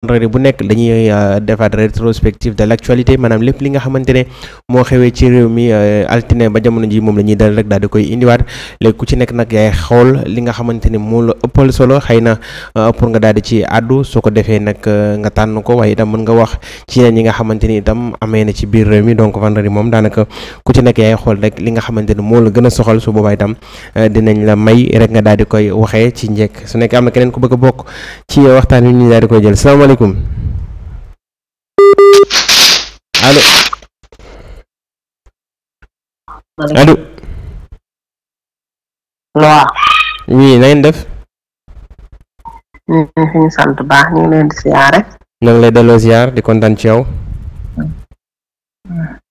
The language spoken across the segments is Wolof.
vendredi bu nekk dañuy euh, defaat rétrospective de l'actualité maanaam lépp li nga xamante ne moo xewee ci réew mi euh, altine ba jamono ji moom la ñuy dal rek daal di koy indiwaat léegi ku ci nekk nag yaay xool li nga xamante ne moo la ëppal solo xëy na euh, pour nga daal di ci àddu soo ko defee nag nga tànn ko waaye itam mën nga wax ci ñi nga xamante ni itam amee na ci biir mi donc vendredi moom daanaka ku ci nekk yaay xool rek li nga xamante ne moo la gën soxal su boobaa itam dinañ la may rek nga daal di koy waxee ci njëkk su nekk am na keneen ku bëgg bokk ci waxtaan wi ñu daal di koy jël salaamaaleykum allo allo. waaw. def. ñu ngi sant baax ñu ngi leen di siyaare. lay delloo siyaar di kontaan ci yow.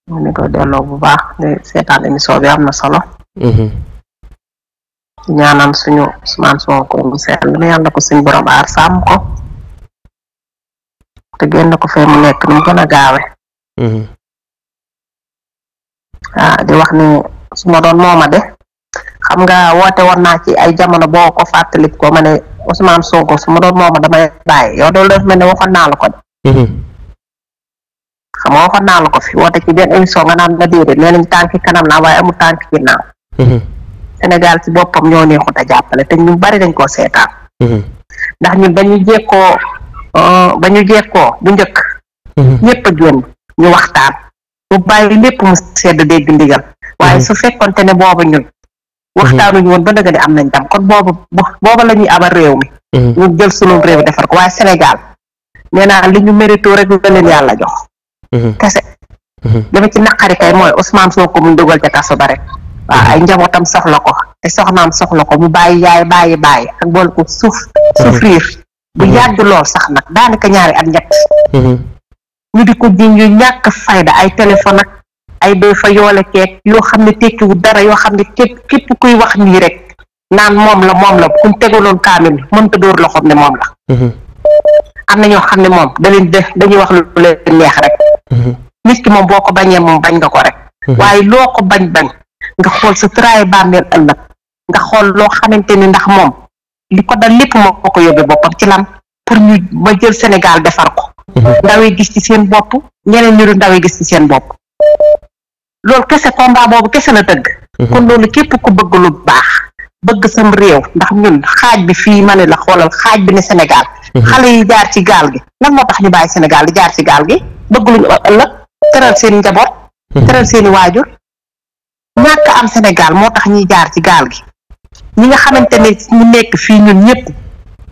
ñu ngi koy delloo bu baax di seetaan émission bi am na solo. Mhm. ñaanal suñu Ousmane Sonko bu sell yàlla ko suñu borom aar sàmm ko. te génn ko fee mu nekk nu mu gën gaawe mm-hmm. ah, di wax ni su ma doon mooma de xam nga woote woon naa ci ay jamono boo ko fàttali ko ma ne Ousmane Sonko su ma doon mooma damay bàyyi yow doolu def mel ne waxoon naa la ko de mm-hmm. xam nga waxoon naa ko fi woote ci benn émission nga naan na déedéet nee nañ tànki kanam naa waaye amul tànki ginnaaw mm-hmm. Sénégal ci boppam ñoo neexut a jàppale te ñu bari dañ koo seetaan ndax ñun dañu jekkoo Eh, ba ñu jekkoo bu njëkk mhm. ñépp a génn ñu waxtaan bu bàyyi lépp mu sedd dégg ndigal waaye mhm. su fekkonte ne booba ñun waxtaanuñu woon ba dëgg ne am nañ tam kon booba booba la ñuy abal réew mi mhm. ñu jël sunu réew defar ko waaye Sénégal nee naa li ñu mérito rek la leen yàlla jox kese dama ci naqari kay mooy Ousmane ko mu dugal ca kaso ba rek waaw ay njabootam soxla ko te soxnaam soxla ko mu bàyyi yaay bàyyi bàyyi ak bool ko suuf souffrir bu yàgg lool sax nag daanaka ñaari at ñett mm-hmm. ñu di ko jiñ yu ñàkk fayda ay téléphone ak ay doy fa yoole keek yoo xam ne tekkiwu dara yoo xam ne képp képp kuy wax nii rek naan moom la moom la kum tegaloon kaamil mënta dóor loxoom ne moom la mm-hmm. am na ñoo xam ne moom da leen dañuy wax lu leen neex rek mm-hmm. nit ki moom boo ko bañee moom bañ nga ko rek waaye loo ko bañ bañ nga xool sa traay bàmmeel ëllëg nga xool loo xamante ni ndax moom li ko dal lépp moo ko ko yóbbee boppam ci lan pour ñu ba jël Sénégal defar ko mhm. ndawee gis ci seen bopp ñeneen ñu du ndawee gis ci seen bopp loolu kese combat boobu kese la tëgg mhm. kon loolu képp ko bëgg lu baax bëgg sam réew ndax ñun xaaj bi fii ma ne la xoolal xaaj bi ne Sénégal mhm. xale yi jaar ci gaal gi lan moo tax ñu bàyyi senegal di jaar ci gaal gi bëgg luñu ëllëg teral seen njaboot teral seeni waajur ñàkk am Sénégal moo tax ñuy jaar ci gaal gi ñi nga xamante ne ñu nekk fii ñun ñëpp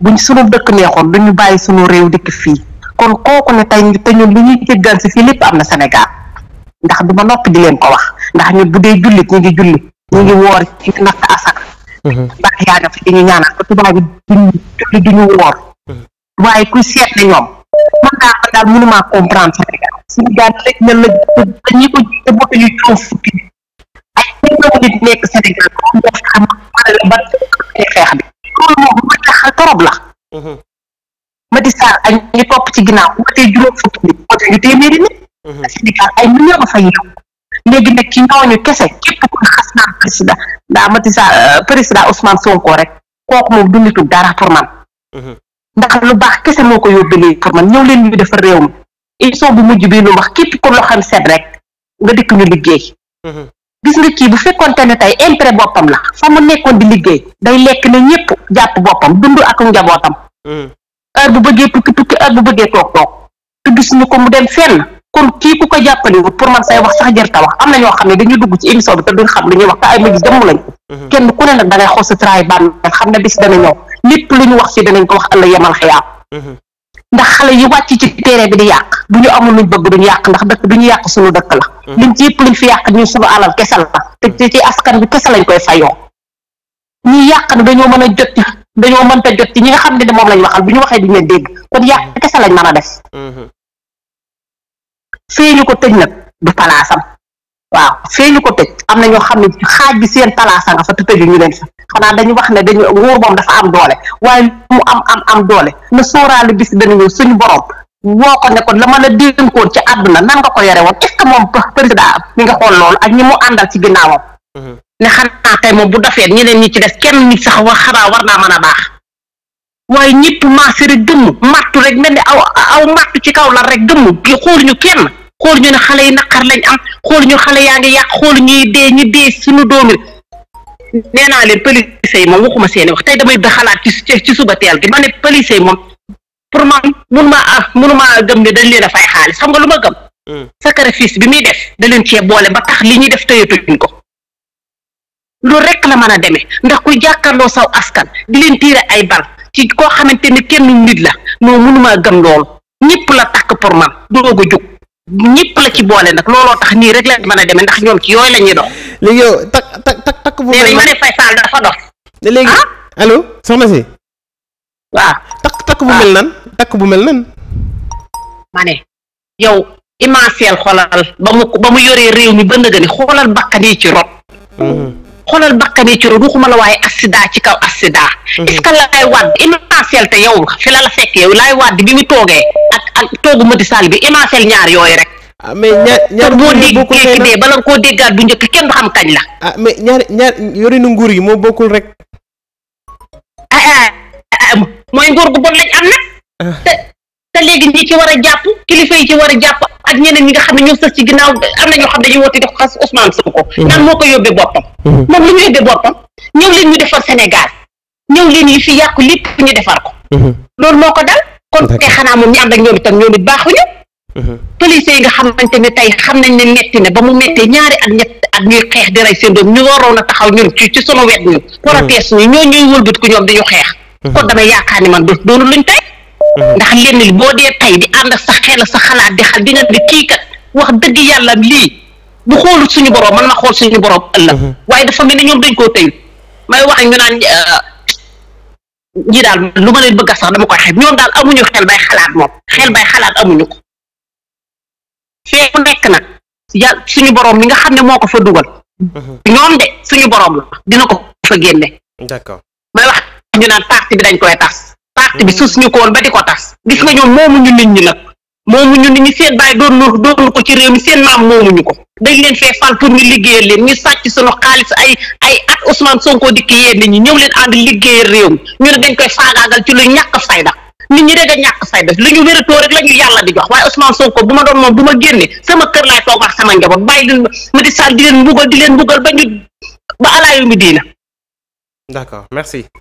buñ suñu dëkk neexoon duñu bàyyi suñu réew dëkk fii kon kooku ne tey te ñun li ñuy jéggal lépp am na Sénégal ndax duma noppi di leen ko wax ndax ñun bu dee jullit ñu ngi julli ñu ngi woor ci natt asaka mhm. ndax yaa nga fi di ñu ñaanal ko mhm. waaye kuy seet ne ñoom man daa man daal mënumaa comprendre Sénégal Sénégal lëj na lëj dañuy ko jiite bopp ñu juróom fukki ay nit nekk Sénégal ba xeex ma taxal la mhm. Macky Sall ak ñi topp ci ginnaaw bu matee mhm. léegi nag ci ñooñu kese képp ku xas naan président daa Macky Sall euh, Sonko rek kooku moom du nitu dara pour man mhm. ndax lu baax kese moo ko yóbbalee pour man ñëw leen ñu defar réew mi émission bu mujj bii lu wax képp ku loo sedd rek nga dikk ñu liggéey gis nga kii bu fekkonte ne tey intérêt boppam la fa mu nekkoon di liggéey day lekk ne ñëpp jàpp boppam dund ak njabootam. Hmm. heure bu bëggee tukki tukki heure bu bëggee toog toog tudd suñu ko mu dem fenn kon kii ku ko jàppalewut pour man say wax sax jër ta wax am na ñoo xam ne dañuy dugg ci émission bi te duñ xam lu ñuy wax te ay mujj jëmm lañ hmm. kenn ku ne xam ne bis dana ñëw lépp ñu wax si danañ ko wax ëllëg yemal xiyaam hmm. ndax xale yi wàcc ci téere bi di yàq bu ñu amul luñ bëgg duñu yàq ndax dëkk du ñu yàq suñu dëkk la luñ ci yëpp luñ fi yàq ñun suñu alal kese la te ci askan bi kese lañ koy fayoo ñuy yàq ne dañoo mën a jot dañoo mën mënta jot ci ñi nga xam ne moom lañ waxal bu ñu waxee duñ leen dégg kon yàq kese lañ mën a def mm-hmm. feeñu ko tëj nag du palaasam waaw ñu ko tëj am na ñoo xam ne xaaj bi seen palaasa nga fa te ñu leen fa xanaa dañu wax ne dañu nguur moom dafa am doole waaye mu am am am doole na sóoraale bis dana ñëw suñu borom woo ko ne ko la ma la dénkoon ci àdduna nan nga ko yore woon est ce que moom président mi nga xool loolu ak ñi mu àndal ci ginnaawam. Mhm. ne xanaa tey moom bu dafee ñeneen ñi ci des kenn nit sax wax xanaa war naa mën a baax. waaye ñëpp maase rek dëmm mattu rek mel ni aw aw ci kaw la rek dëmm gi xool ñu kenn xool ñu ne xale yi naqar lañ am xool ñu xale yaa ngi yàq xool ñuy dee ñu dee suñu doomi nee naa leen police yi moom waxuma seeni wax tey damay ba xalaat ci ci suba teel gi ma ne police moom pour man mun maa ah munu maa gëm ne dañ leen a fay xaalis xam nga lu ma gëm. Hmm. sacrifice bi muy def da leen cee boole ba tax li ñuy def tëyatuñ ko loolu rek la mën a demee ndax kuy jàkkaarloo saw askan leen tiire ay bal ci koo xamante ne kenn nit la moo munumaa gëm loolu ñëpp la takk pour man doog a jóg ñëpp la ci boole nag looloo tax nii rek la mën a demee ndax ñoom ci yooyu la ñuy dox. léegi yow tak tak tak takk bu mel ma ne Faye Sall dafa dox. léegi ah? allo soxna si. waaw takk takk bu mel ah. nan. takk bu mel nan ma ne yow imanseel xoolal ba mu ba mu yoree réew mi ba nëgëni xoolal bakkan ci rot mhm. xoolal bakkan yi ci rot waxuma la waaye accident ci kaw accident mhm. est-ce wadd imanseel te yow fi la la fekk yow laay wadd bi mu toogee ak ak toogu Macky Sall bi imanseel ñaar yooyu rek ah mais ñaar ñaar boo déggee ki dee bala nga koo déggaat bu njëkk kenn du xam kañ la. ah mais ñaar ñaar yorinu nguur yi moo bokkul rek. Ah, ah, ah, mooy nguur gu bon lañ am nag. te te léegi ñi ci war a jàpp kilifa yi ci war a jàpp ak ñeneen ñi nga xam ne ñoo sës ci ginnaaw am na ñoo xam dañuy woote di xas Ousmane Sonko mm-hmm. naan moo ko yóbbee boppam mm-hmm. moom lu ñu yóbbee boppam ñëw leen ñu defar Sénégal ñëw leen yi fi yàqu lépp ñu defar ko mm-hmm. loolu moo ko dal kon xanaa moom ñu ànd ak ñoom itam ñoom it baaxuñu police yi nga te ne tey xam nañ ne metti ne ba mu mettee ñaari ak ñett ak ñuy xeex di rey seen doom ñu waroon a taxaw ñun ci ci sunu wet ñu protes ñu ñoo ñuy wëlbatiku ñoom dañu xeex kon damay yaakaar ni man doonu luñ ndax lenn li boo dee tey di ànd ak sa xel sa xalaat di xal di nga di kii kat wax dëgg yàlla lii bu xoolut suñu borom mën na xool suñu borom ëllëg mhm. waaye dafa mel ni ñoom dañ koo tëyu may wax ñu naan euh, ñi daal lu ma leen bëgg a sax dama koy xeeb ñoom daal amuñu xel xalaat moom xel bay xalaat amuñu ko fee mu nekk suñu borom mi nga xam ne moo ko fa dugal mhm. ñoom suñu borom dina ko fa génne d'accord bi dañ koy tas pacte bi suus ñu ko ba di ko tas gis nga ñoom moomuñu nit ñi nag moomuñu nit ñi seen baay doon na doon ko ci réew mi seen maam ñu ko dañ leen fee fal pour ñu liggéeyal leen ñu sàcc sunu xaalis ay ay at Ousmane Sonko dikk yéen nit ñi ñëw leen ànd liggéeyal réew mi ñu ne dañ koy faagaagal ci lu ñàkk fayda nit ñi rek a ñàkk fayda lu ñu wératoo rek la yàlla di jox waaye Ousmane Sonko bu ma doon moom bu ma génnee sama kër laay toog wax sama njaboot bàyyi leen ma di sal leen mbugal di leen mbugal ba ñu ba alaayu mi diina d'accord merci